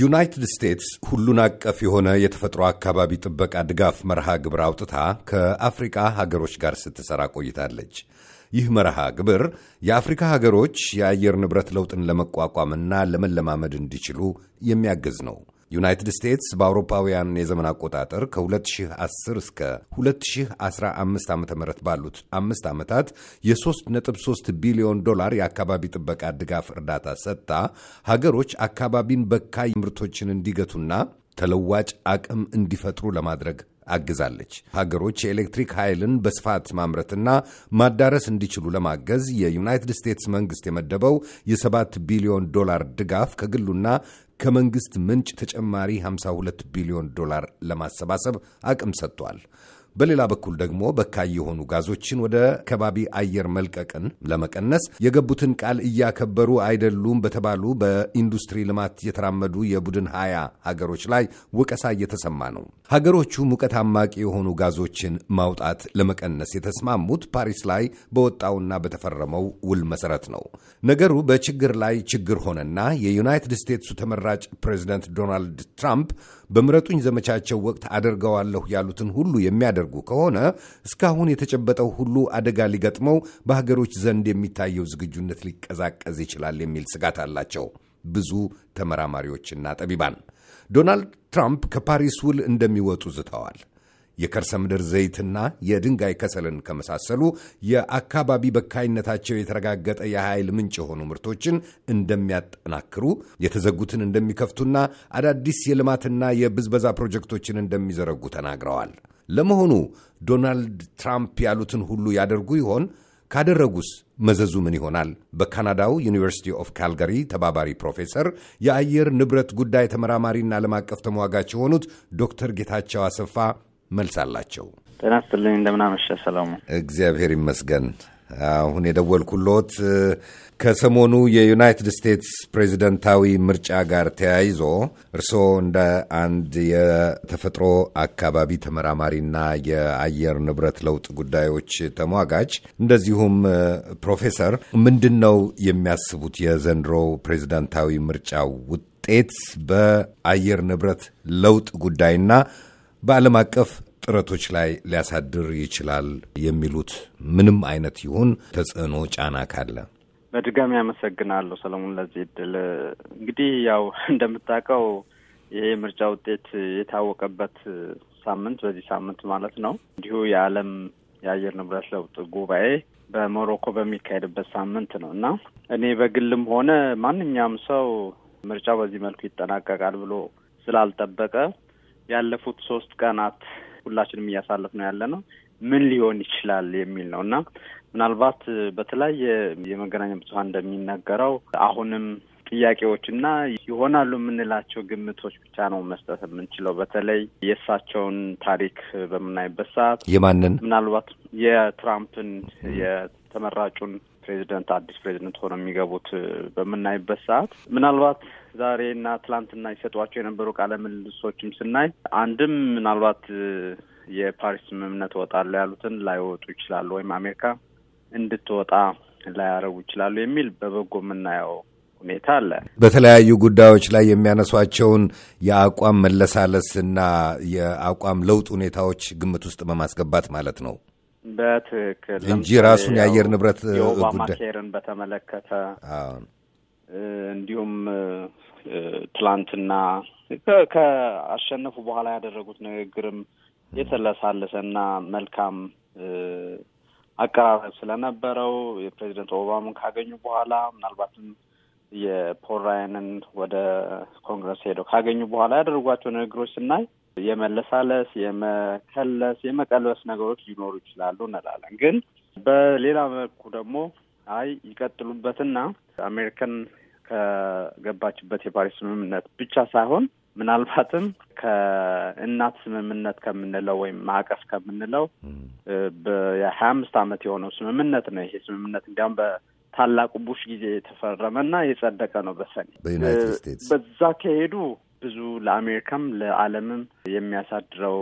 ዩናይትድ ስቴትስ ሁሉን አቀፍ የሆነ የተፈጥሮ አካባቢ ጥበቃ ድጋፍ መርሃ ግብር አውጥታ ከአፍሪካ ሀገሮች ጋር ስትሰራ ቆይታለች። ይህ መርሃ ግብር የአፍሪካ ሀገሮች የአየር ንብረት ለውጥን ለመቋቋምና ለመለማመድ እንዲችሉ የሚያግዝ ነው። ዩናይትድ ስቴትስ በአውሮፓውያን የዘመን አቆጣጠር ከ2010 እስከ 2015 ዓ ም ባሉት አምስት ዓመታት የ3.3 ቢሊዮን ዶላር የአካባቢ ጥበቃ ድጋፍ እርዳታ ሰጥታ ሀገሮች አካባቢን በካይ ምርቶችን እንዲገቱና ተለዋጭ አቅም እንዲፈጥሩ ለማድረግ አግዛለች። ሀገሮች የኤሌክትሪክ ኃይልን በስፋት ማምረትና ማዳረስ እንዲችሉ ለማገዝ የዩናይትድ ስቴትስ መንግስት የመደበው የሰባት ቢሊዮን ዶላር ድጋፍ ከግሉና ከመንግስት ምንጭ ተጨማሪ 52 ቢሊዮን ዶላር ለማሰባሰብ አቅም ሰጥቷል። በሌላ በኩል ደግሞ በካይ የሆኑ ጋዞችን ወደ ከባቢ አየር መልቀቅን ለመቀነስ የገቡትን ቃል እያከበሩ አይደሉም በተባሉ በኢንዱስትሪ ልማት የተራመዱ የቡድን ሀያ ሀገሮች ላይ ወቀሳ እየተሰማ ነው። ሀገሮቹ ሙቀት አማቂ የሆኑ ጋዞችን ማውጣት ለመቀነስ የተስማሙት ፓሪስ ላይ በወጣውና በተፈረመው ውል መሰረት ነው። ነገሩ በችግር ላይ ችግር ሆነና የዩናይትድ ስቴትሱ ተመራጭ ፕሬዚደንት ዶናልድ ትራምፕ በምረጡኝ ዘመቻቸው ወቅት አደርገዋለሁ ያሉትን ሁሉ የሚያደርጉ ከሆነ እስካሁን የተጨበጠው ሁሉ አደጋ ሊገጥመው በሀገሮች ዘንድ የሚታየው ዝግጁነት ሊቀዛቀዝ ይችላል የሚል ስጋት አላቸው ብዙ ተመራማሪዎችና ጠቢባን። ዶናልድ ትራምፕ ከፓሪስ ውል እንደሚወጡ ዝተዋል። የከርሰ ምድር ዘይትና የድንጋይ ከሰልን ከመሳሰሉ የአካባቢ በካይነታቸው የተረጋገጠ የኃይል ምንጭ የሆኑ ምርቶችን እንደሚያጠናክሩ፣ የተዘጉትን እንደሚከፍቱና አዳዲስ የልማትና የብዝበዛ ፕሮጀክቶችን እንደሚዘረጉ ተናግረዋል። ለመሆኑ ዶናልድ ትራምፕ ያሉትን ሁሉ ያደርጉ ይሆን? ካደረጉስ መዘዙ ምን ይሆናል? በካናዳው ዩኒቨርሲቲ ኦፍ ካልጋሪ ተባባሪ ፕሮፌሰር የአየር ንብረት ጉዳይ ተመራማሪና ዓለም አቀፍ ተሟጋች የሆኑት ዶክተር ጌታቸው አሰፋ መልስ አላቸው። ጤና ይስጥልኝ። እንደምናመሸ ሰለሞን? እግዚአብሔር ይመስገን። አሁን የደወልኩሎት ከሰሞኑ የዩናይትድ ስቴትስ ፕሬዚደንታዊ ምርጫ ጋር ተያይዞ እርስዎ እንደ አንድ የተፈጥሮ አካባቢ ተመራማሪና የአየር ንብረት ለውጥ ጉዳዮች ተሟጋች እንደዚሁም ፕሮፌሰር ምንድን ነው የሚያስቡት የዘንድሮ ፕሬዚደንታዊ ምርጫ ውጤት በአየር ንብረት ለውጥ ጉዳይና በዓለም አቀፍ ጥረቶች ላይ ሊያሳድር ይችላል የሚሉት ምንም አይነት ይሁን ተጽዕኖ ጫና ካለ በድጋሚ አመሰግናለሁ ሰለሞን ለዚህ እድል። እንግዲህ ያው እንደምታውቀው ይሄ የምርጫ ውጤት የታወቀበት ሳምንት በዚህ ሳምንት ማለት ነው እንዲሁ የዓለም የአየር ንብረት ለውጥ ጉባኤ በሞሮኮ በሚካሄድበት ሳምንት ነው እና እኔ በግልም ሆነ ማንኛውም ሰው ምርጫው በዚህ መልኩ ይጠናቀቃል ብሎ ስላልጠበቀ ያለፉት ሶስት ቀናት ሁላችንም እያሳለፍ ነው ያለ ነው ምን ሊሆን ይችላል የሚል ነው እና ምናልባት በተለያየ የመገናኛ ብዙኃን እንደሚነገረው አሁንም ጥያቄዎች እና ይሆናሉ የምንላቸው ግምቶች ብቻ ነው መስጠት የምንችለው። በተለይ የእሳቸውን ታሪክ በምናይበት ሰዓት የማንን ምናልባት የትራምፕን የተመራጩን ፕሬዚደንት አዲስ ፕሬዚደንት ሆነው የሚገቡት በምናይበት ሰዓት ምናልባት ዛሬና ትላንትና ይሰጧቸው የነበሩ ቃለ ምልልሶችም ስናይ አንድም ምናልባት የፓሪስ ስምምነት እወጣለሁ ያሉትን ላይወጡ ይችላሉ፣ ወይም አሜሪካ እንድትወጣ ላያረጉ ይችላሉ የሚል በበጎ የምናየው ሁኔታ አለ። በተለያዩ ጉዳዮች ላይ የሚያነሷቸውን የአቋም መለሳለስና የአቋም ለውጥ ሁኔታዎች ግምት ውስጥ በማስገባት ማለት ነው። በትክክል እንጂ ራሱን የአየር ንብረት የኦባማ ኬርን በተመለከተ እንዲሁም ትላንትና ከአሸነፉ በኋላ ያደረጉት ንግግርም የተለሳለሰና መልካም አቀራረብ ስለነበረው የፕሬዚደንት ኦባማን ካገኙ በኋላ ምናልባትም የፖል ራያንን ወደ ኮንግረስ ሄደው ካገኙ በኋላ ያደረጓቸው ንግግሮች ስናይ የመለሳለስ፣ የመከለስ፣ የመቀልበስ ነገሮች ሊኖሩ ይችላሉ እንላለን። ግን በሌላ መልኩ ደግሞ አይ ይቀጥሉበትና አሜሪካን ከገባችበት የፓሪስ ስምምነት ብቻ ሳይሆን ምናልባትም ከእናት ስምምነት ከምንለው ወይም ማዕቀፍ ከምንለው የሀያ አምስት አመት የሆነው ስምምነት ነው። ይሄ ስምምነት እንዲያውም በታላቁ ቡሽ ጊዜ የተፈረመ እና የጸደቀ ነው በሰኔ በዛ ከሄዱ ብዙ ለአሜሪካም ለዓለምም የሚያሳድረው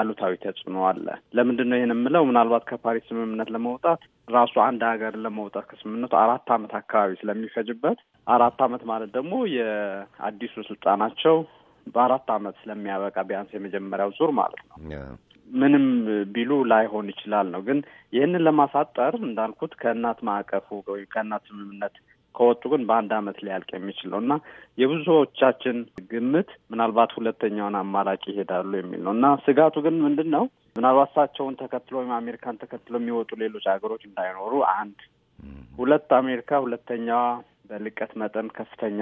አሉታዊ ተጽዕኖ አለ። ለምንድን ነው ይህን የምለው? ምናልባት ከፓሪስ ስምምነት ለመውጣት ራሱ አንድ ሀገር ለመውጣት ከስምምነቱ አራት አመት አካባቢ ስለሚፈጅበት አራት አመት ማለት ደግሞ የአዲሱ ስልጣናቸው በአራት አመት ስለሚያበቃ ቢያንስ የመጀመሪያው ዙር ማለት ነው ምንም ቢሉ ላይሆን ይችላል ነው። ግን ይህንን ለማሳጠር እንዳልኩት ከእናት ማዕቀፉ ወይም ከእናት ስምምነት ከወጡ ግን በአንድ አመት ሊያልቅ የሚችል ነው እና የብዙዎቻችን ግምት ምናልባት ሁለተኛውን አማራጭ ይሄዳሉ የሚል ነው እና ስጋቱ ግን ምንድን ነው ምናልባት እሳቸውን ተከትሎ ወይም አሜሪካን ተከትሎ የሚወጡ ሌሎች ሀገሮች እንዳይኖሩ አንድ ሁለት አሜሪካ ሁለተኛዋ በልቀት መጠን ከፍተኛ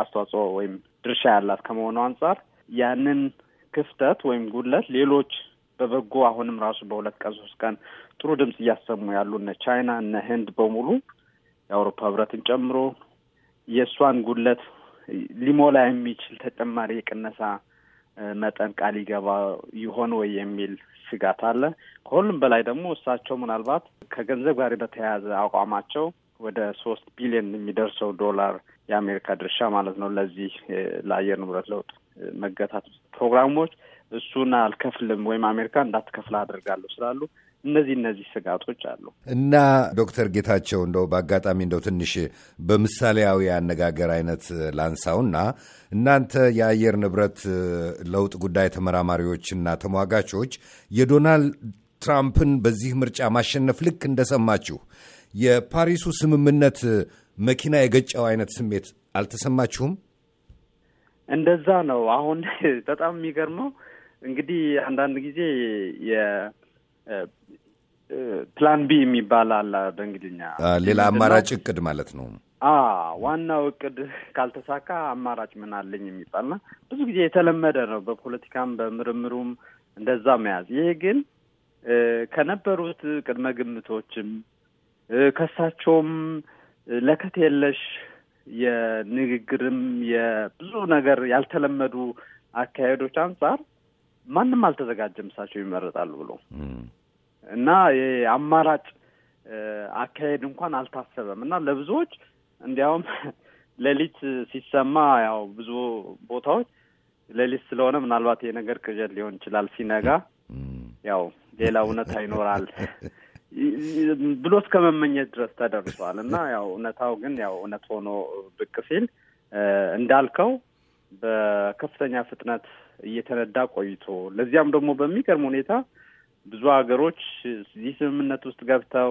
አስተዋጽኦ ወይም ድርሻ ያላት ከመሆኑ አንጻር ያንን ክፍተት ወይም ጉድለት ሌሎች በበጎ አሁንም ራሱ በሁለት ቀን ሶስት ቀን ጥሩ ድምፅ እያሰሙ ያሉ እነ ቻይና እነ ህንድ በሙሉ የአውሮፓ ህብረትን ጨምሮ የእሷን ጉለት ሊሞላ የሚችል ተጨማሪ የቅነሳ መጠን ቃል ይገባ ይሆን ወይ የሚል ስጋት አለ። ከሁሉም በላይ ደግሞ እሳቸው ምናልባት ከገንዘብ ጋር በተያያዘ አቋማቸው ወደ ሶስት ቢሊዮን የሚደርሰው ዶላር የአሜሪካ ድርሻ ማለት ነው ለዚህ ለአየር ንብረት ለውጥ መገታት ፕሮግራሞች እሱን አልከፍልም ወይም አሜሪካ እንዳትከፍል አድርጋለሁ ስላሉ እነዚህ እነዚህ ስጋቶች አሉ እና ዶክተር ጌታቸው እንደው በአጋጣሚ እንደው ትንሽ በምሳሌያዊ አነጋገር አይነት ላንሳውና እናንተ የአየር ንብረት ለውጥ ጉዳይ ተመራማሪዎችና ተሟጋቾች የዶናልድ ትራምፕን በዚህ ምርጫ ማሸነፍ ልክ እንደሰማችሁ የፓሪሱ ስምምነት መኪና የገጨው አይነት ስሜት አልተሰማችሁም? እንደዛ ነው። አሁን በጣም የሚገርመው እንግዲህ አንዳንድ ጊዜ ፕላን ቢ የሚባል አለ በእንግሊዝኛ ሌላ አማራጭ እቅድ ማለት ነው። ዋናው እቅድ ካልተሳካ አማራጭ ምን አለኝ የሚባልና ብዙ ጊዜ የተለመደ ነው በፖለቲካም በምርምሩም እንደዛ መያዝ። ይሄ ግን ከነበሩት ቅድመ ግምቶችም ከሳቸውም ለከት የለሽ የንግግርም የብዙ ነገር ያልተለመዱ አካሄዶች አንጻር ማንም አልተዘጋጀም እሳቸው ይመረጣሉ ብሎ እና የአማራጭ አካሄድ እንኳን አልታሰበም እና ለብዙዎች እንዲያውም ሌሊት ሲሰማ ያው ብዙ ቦታዎች ሌሊት ስለሆነ ምናልባት የነገር ቅዠት ሊሆን ይችላል፣ ሲነጋ ያው ሌላ እውነታ ይኖራል ብሎ እስከ መመኘት ድረስ ተደርሷል እና ያው እውነታው ግን ያው እውነት ሆኖ ብቅ ሲል እንዳልከው በከፍተኛ ፍጥነት እየተነዳ ቆይቶ ለዚያም ደግሞ በሚገርም ሁኔታ ብዙ ሀገሮች እዚህ ስምምነት ውስጥ ገብተው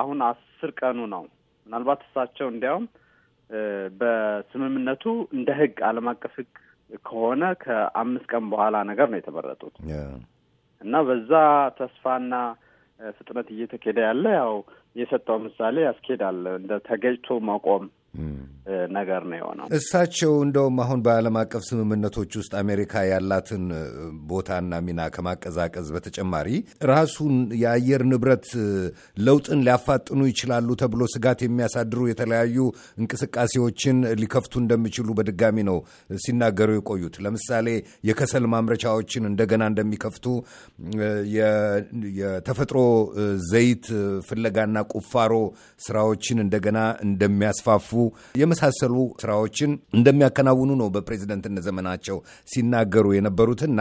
አሁን አስር ቀኑ ነው። ምናልባት እሳቸው እንዲያውም በስምምነቱ እንደ ህግ ዓለም አቀፍ ህግ ከሆነ ከአምስት ቀን በኋላ ነገር ነው የተመረጡት እና በዛ ተስፋና ፍጥነት እየተኬደ ያለ ያው የሰጠው ምሳሌ ያስኬዳል። እንደ ተገጭቶ መቆም ነገር ነው የሆነው። እሳቸው እንደውም አሁን በዓለም አቀፍ ስምምነቶች ውስጥ አሜሪካ ያላትን ቦታና ሚና ከማቀዛቀዝ በተጨማሪ ራሱን የአየር ንብረት ለውጥን ሊያፋጥኑ ይችላሉ ተብሎ ስጋት የሚያሳድሩ የተለያዩ እንቅስቃሴዎችን ሊከፍቱ እንደሚችሉ በድጋሚ ነው ሲናገሩ የቆዩት። ለምሳሌ የከሰል ማምረቻዎችን እንደገና እንደሚከፍቱ፣ የተፈጥሮ ዘይት ፍለጋና ቁፋሮ ስራዎችን እንደገና እንደሚያስፋፉ የመሳሰሉ ስራዎችን እንደሚያከናውኑ ነው በፕሬዝደንትነት ዘመናቸው ሲናገሩ የነበሩትና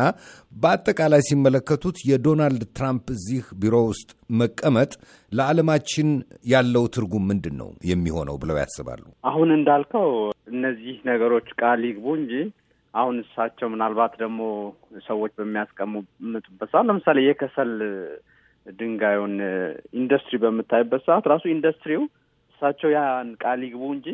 በአጠቃላይ ሲመለከቱት የዶናልድ ትራምፕ እዚህ ቢሮ ውስጥ መቀመጥ ለዓለማችን ያለው ትርጉም ምንድን ነው የሚሆነው ብለው ያስባሉ? አሁን እንዳልከው እነዚህ ነገሮች ቃል ይግቡ እንጂ አሁን እሳቸው ምናልባት ደግሞ ሰዎች በሚያስቀምጡበት ሰዓት ለምሳሌ የከሰል ድንጋዩን ኢንዱስትሪ በምታይበት ሰዓት ራሱ ኢንዱስትሪው እሳቸው ያን ቃል ይግቡ እንጂ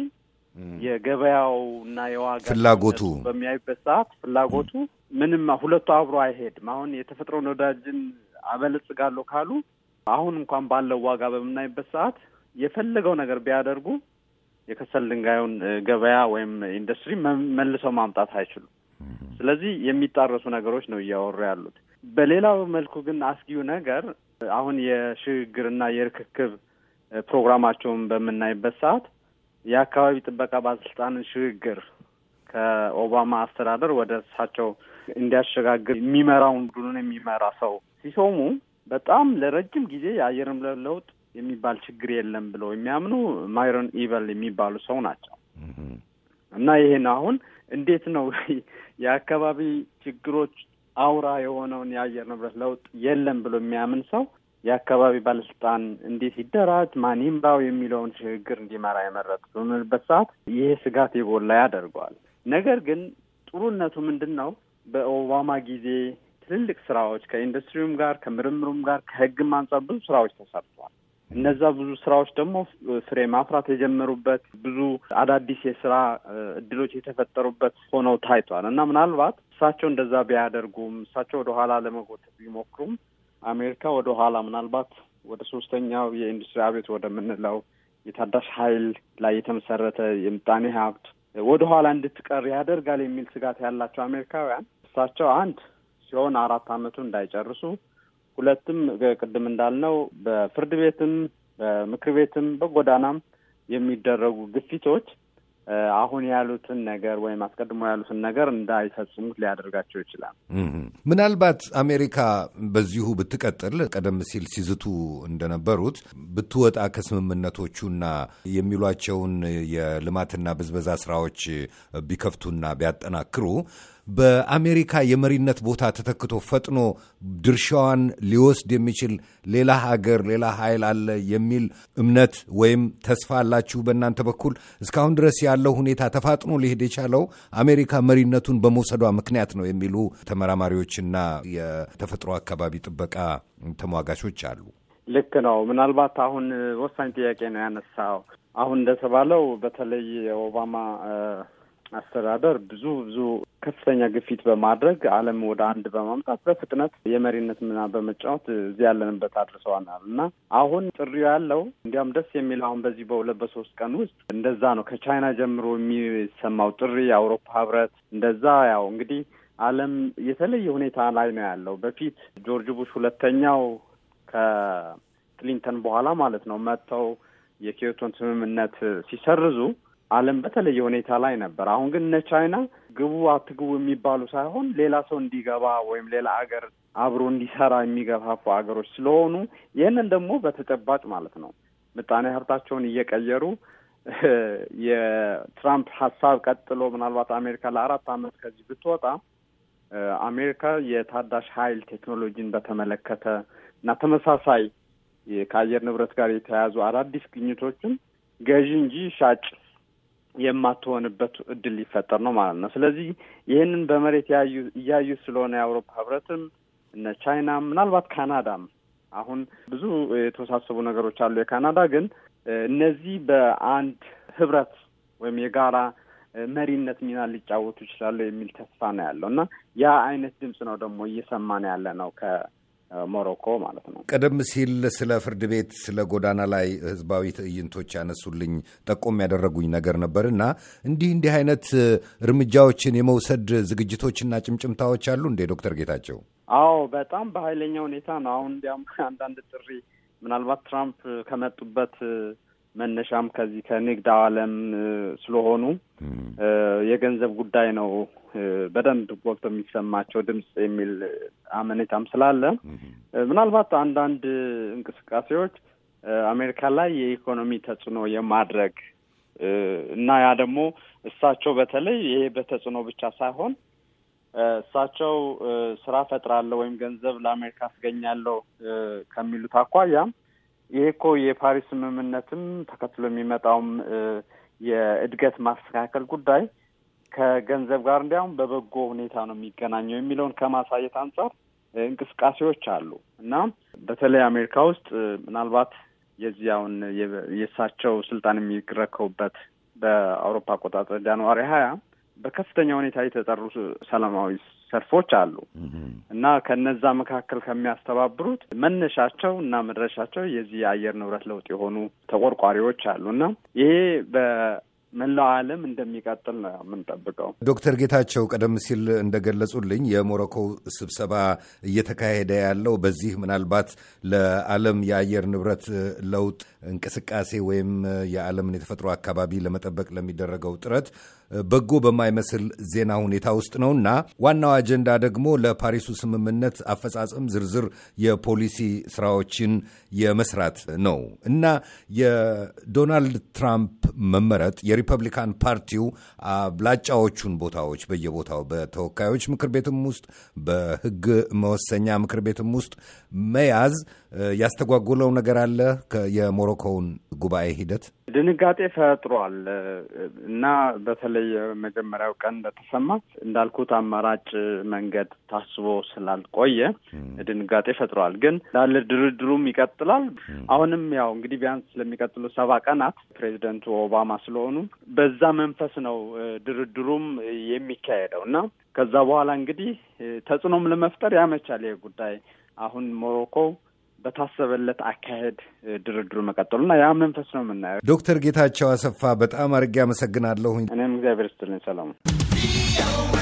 የገበያው እና የዋጋ ፍላጎቱ በሚያዩበት ሰዓት ፍላጎቱ ምንም ሁለቱ አብሮ አይሄድም። አሁን የተፈጥሮ ነዳጅን አበለጽጋለሁ ካሉ አሁን እንኳን ባለው ዋጋ በምናይበት ሰዓት የፈለገው ነገር ቢያደርጉ የከሰል ድንጋዩን ገበያ ወይም ኢንዱስትሪ መልሰው ማምጣት አይችሉም። ስለዚህ የሚጣረሱ ነገሮች ነው እያወሩ ያሉት። በሌላው መልኩ ግን አስጊው ነገር አሁን የሽግግርና የርክክብ ፕሮግራማቸውን በምናይበት ሰዓት የአካባቢ ጥበቃ ባለስልጣንን ሽግግር ከኦባማ አስተዳደር ወደ እሳቸው እንዲያሸጋግር የሚመራውን ቡድኑን የሚመራ ሰው ሲሶሙ በጣም ለረጅም ጊዜ የአየር ንብረት ለውጥ የሚባል ችግር የለም ብለው የሚያምኑ ማይሮን ኢቨል የሚባሉ ሰው ናቸው እና ይህን አሁን እንዴት ነው የአካባቢ ችግሮች አውራ የሆነውን የአየር ንብረት ለውጥ የለም ብሎ የሚያምን ሰው የአካባቢ ባለስልጣን እንዴት ይደራጅ፣ ማን ይምራው የሚለውን ሽግግር እንዲመራ የመረጡ በምንበት ሰዓት ይሄ ስጋት የጎላ ያደርገዋል። ነገር ግን ጥሩነቱ ምንድን ነው? በኦባማ ጊዜ ትልልቅ ስራዎች ከኢንዱስትሪውም ጋር ከምርምሩም ጋር ከህግም አንጻር ብዙ ስራዎች ተሰርቷል። እነዛ ብዙ ስራዎች ደግሞ ፍሬ ማፍራት የጀመሩበት ብዙ አዳዲስ የስራ እድሎች የተፈጠሩበት ሆነው ታይቷል እና ምናልባት እሳቸው እንደዛ ቢያደርጉም እሳቸው ወደኋላ ለመጎተት ቢሞክሩም አሜሪካ ወደ ኋላ ምናልባት ወደ ሶስተኛው የኢንዱስትሪ አቤት ወደምንለው የታዳሽ ኃይል ላይ የተመሰረተ የምጣኔ ሀብት ወደ ኋላ እንድትቀር ያደርጋል የሚል ስጋት ያላቸው አሜሪካውያን እሳቸው አንድ ሲሆን አራት አመቱ እንዳይጨርሱ፣ ሁለትም ቅድም እንዳልነው በፍርድ ቤትም በምክር ቤትም በጎዳናም የሚደረጉ ግፊቶች አሁን ያሉትን ነገር ወይም አስቀድሞ ያሉትን ነገር እንዳይፈጽሙት ሊያደርጋቸው ይችላል። ምናልባት አሜሪካ በዚሁ ብትቀጥል ቀደም ሲል ሲዝቱ እንደነበሩት ብትወጣ ከስምምነቶቹና የሚሏቸውን የልማትና ብዝበዛ ስራዎች ቢከፍቱና ቢያጠናክሩ በአሜሪካ የመሪነት ቦታ ተተክቶ ፈጥኖ ድርሻዋን ሊወስድ የሚችል ሌላ ሀገር፣ ሌላ ኃይል አለ የሚል እምነት ወይም ተስፋ አላችሁ? በእናንተ በኩል እስካሁን ድረስ ያለው ሁኔታ ተፋጥኖ ሊሄድ የቻለው አሜሪካ መሪነቱን በመውሰዷ ምክንያት ነው የሚሉ ተመራማሪዎችና የተፈጥሮ አካባቢ ጥበቃ ተሟጋቾች አሉ። ልክ ነው። ምናልባት አሁን ወሳኝ ጥያቄ ነው ያነሳው። አሁን እንደተባለው በተለይ የኦባማ አስተዳደር ብዙ ብዙ ከፍተኛ ግፊት በማድረግ ዓለም ወደ አንድ በማምጣት በፍጥነት የመሪነት ምና በመጫወት እዚህ ያለንበት አድርሰዋናል እና አሁን ጥሪው ያለው እንዲያውም ደስ የሚለው አሁን በዚህ በሁለት በሶስት ቀን ውስጥ እንደዛ ነው። ከቻይና ጀምሮ የሚሰማው ጥሪ የአውሮፓ ህብረት እንደዛ ያው እንግዲህ ዓለም የተለየ ሁኔታ ላይ ነው ያለው። በፊት ጆርጅ ቡሽ ሁለተኛው ከክሊንተን በኋላ ማለት ነው መጥተው የኪዮቶን ስምምነት ሲሰርዙ ዓለም በተለየ ሁኔታ ላይ ነበር። አሁን ግን እነ ቻይና ግቡ አትግቡ የሚባሉ ሳይሆን ሌላ ሰው እንዲገባ ወይም ሌላ አገር አብሮ እንዲሰራ የሚገፋፉ አገሮች ስለሆኑ ይህንን ደግሞ በተጨባጭ ማለት ነው ምጣኔ ሀብታቸውን እየቀየሩ የትራምፕ ሀሳብ ቀጥሎ ምናልባት አሜሪካ ለአራት ዓመት ከዚህ ብትወጣ አሜሪካ የታዳሽ ኃይል ቴክኖሎጂን በተመለከተ እና ተመሳሳይ ከአየር ንብረት ጋር የተያያዙ አዳዲስ ግኝቶችን ገዢ እንጂ ሻጭ የማትሆንበት እድል ሊፈጠር ነው ማለት ነው። ስለዚህ ይህንን በመሬት ያዩ እያዩ ስለሆነ የአውሮፓ ህብረትም እነ ቻይናም ምናልባት ካናዳም አሁን ብዙ የተወሳሰቡ ነገሮች አሉ። የካናዳ ግን እነዚህ በአንድ ህብረት ወይም የጋራ መሪነት ሚና ሊጫወቱ ይችላሉ የሚል ተስፋ ነው ያለው እና ያ አይነት ድምጽ ነው ደግሞ ነው ያለ ነው ሞሮኮ ማለት ነው። ቀደም ሲል ስለ ፍርድ ቤት፣ ስለ ጎዳና ላይ ህዝባዊ ትዕይንቶች ያነሱልኝ ጠቆም ያደረጉኝ ነገር ነበር እና እንዲህ እንዲህ አይነት እርምጃዎችን የመውሰድ ዝግጅቶችና ጭምጭምታዎች አሉ እንዴ ዶክተር ጌታቸው? አዎ በጣም በኃይለኛ ሁኔታ ነው። አሁን እንዲያውም አንዳንድ ጥሪ ምናልባት ትራምፕ ከመጡበት መነሻም ከዚህ ከንግድ ዓለም ስለሆኑ የገንዘብ ጉዳይ ነው በደንብ ጎልቶ የሚሰማቸው ድምፅ የሚል አመኔታም ስላለ ምናልባት አንዳንድ እንቅስቃሴዎች አሜሪካ ላይ የኢኮኖሚ ተጽዕኖ የማድረግ እና ያ ደግሞ እሳቸው በተለይ ይሄ በተጽዕኖ ብቻ ሳይሆን እሳቸው ስራ ፈጥራለሁ ወይም ገንዘብ ለአሜሪካ አስገኛለሁ ከሚሉት አኳያ ይሄ እኮ የፓሪስ ስምምነትም ተከትሎ የሚመጣውም የእድገት ማስተካከል ጉዳይ ከገንዘብ ጋር እንዲያውም በበጎ ሁኔታ ነው የሚገናኘው የሚለውን ከማሳየት አንጻር እንቅስቃሴዎች አሉ እና በተለይ አሜሪካ ውስጥ ምናልባት የዚያውን የእሳቸው ስልጣን የሚረከቡበት በአውሮፓ አቆጣጠር ጃንዋሪ ሀያ በከፍተኛ ሁኔታ የተጠሩ ሰላማዊ ሰልፎች አሉ እና ከነዛ መካከል ከሚያስተባብሩት መነሻቸው እና መድረሻቸው የዚህ የአየር ንብረት ለውጥ የሆኑ ተቆርቋሪዎች አሉ እና ይሄ በመላው ዓለም እንደሚቀጥል ነው የምንጠብቀው። ዶክተር ጌታቸው ቀደም ሲል እንደገለጹልኝ የሞሮኮ ስብሰባ እየተካሄደ ያለው በዚህ ምናልባት ለዓለም የአየር ንብረት ለውጥ እንቅስቃሴ ወይም የዓለምን የተፈጥሮ አካባቢ ለመጠበቅ ለሚደረገው ጥረት በጎ በማይመስል ዜና ሁኔታ ውስጥ ነውና ዋናው አጀንዳ ደግሞ ለፓሪሱ ስምምነት አፈጻጸም ዝርዝር የፖሊሲ ስራዎችን የመስራት ነው እና የዶናልድ ትራምፕ መመረጥ የሪፐብሊካን ፓርቲው አብላጫዎቹን ቦታዎች በየቦታው በተወካዮች ምክር ቤትም ውስጥ በሕግ መወሰኛ ምክር ቤትም ውስጥ መያዝ ያስተጓጎለው ነገር አለ የሞሮኮውን ጉባኤ ሂደት ድንጋጤ ፈጥሯል እና በተለይ መጀመሪያው ቀን እንደተሰማ እንዳልኩት አማራጭ መንገድ ታስቦ ስላልቆየ ድንጋጤ ፈጥሯል። ግን እንዳለ ድርድሩም ይቀጥላል። አሁንም ያው እንግዲህ ቢያንስ ስለሚቀጥሉ ሰባ ቀናት ፕሬዚደንቱ ኦባማ ስለሆኑ በዛ መንፈስ ነው ድርድሩም የሚካሄደው እና ከዛ በኋላ እንግዲህ ተጽዕኖም ለመፍጠር ያመቻል ይህ ጉዳይ አሁን ሞሮኮ በታሰበለት አካሄድ ድርድሩ መቀጠሉና ያ መንፈስ ነው የምናየው። ዶክተር ጌታቸው አሰፋ በጣም አድርጌ አመሰግናለሁኝ። እኔም እግዚአብሔር ይስጥልኝ ሰላሙ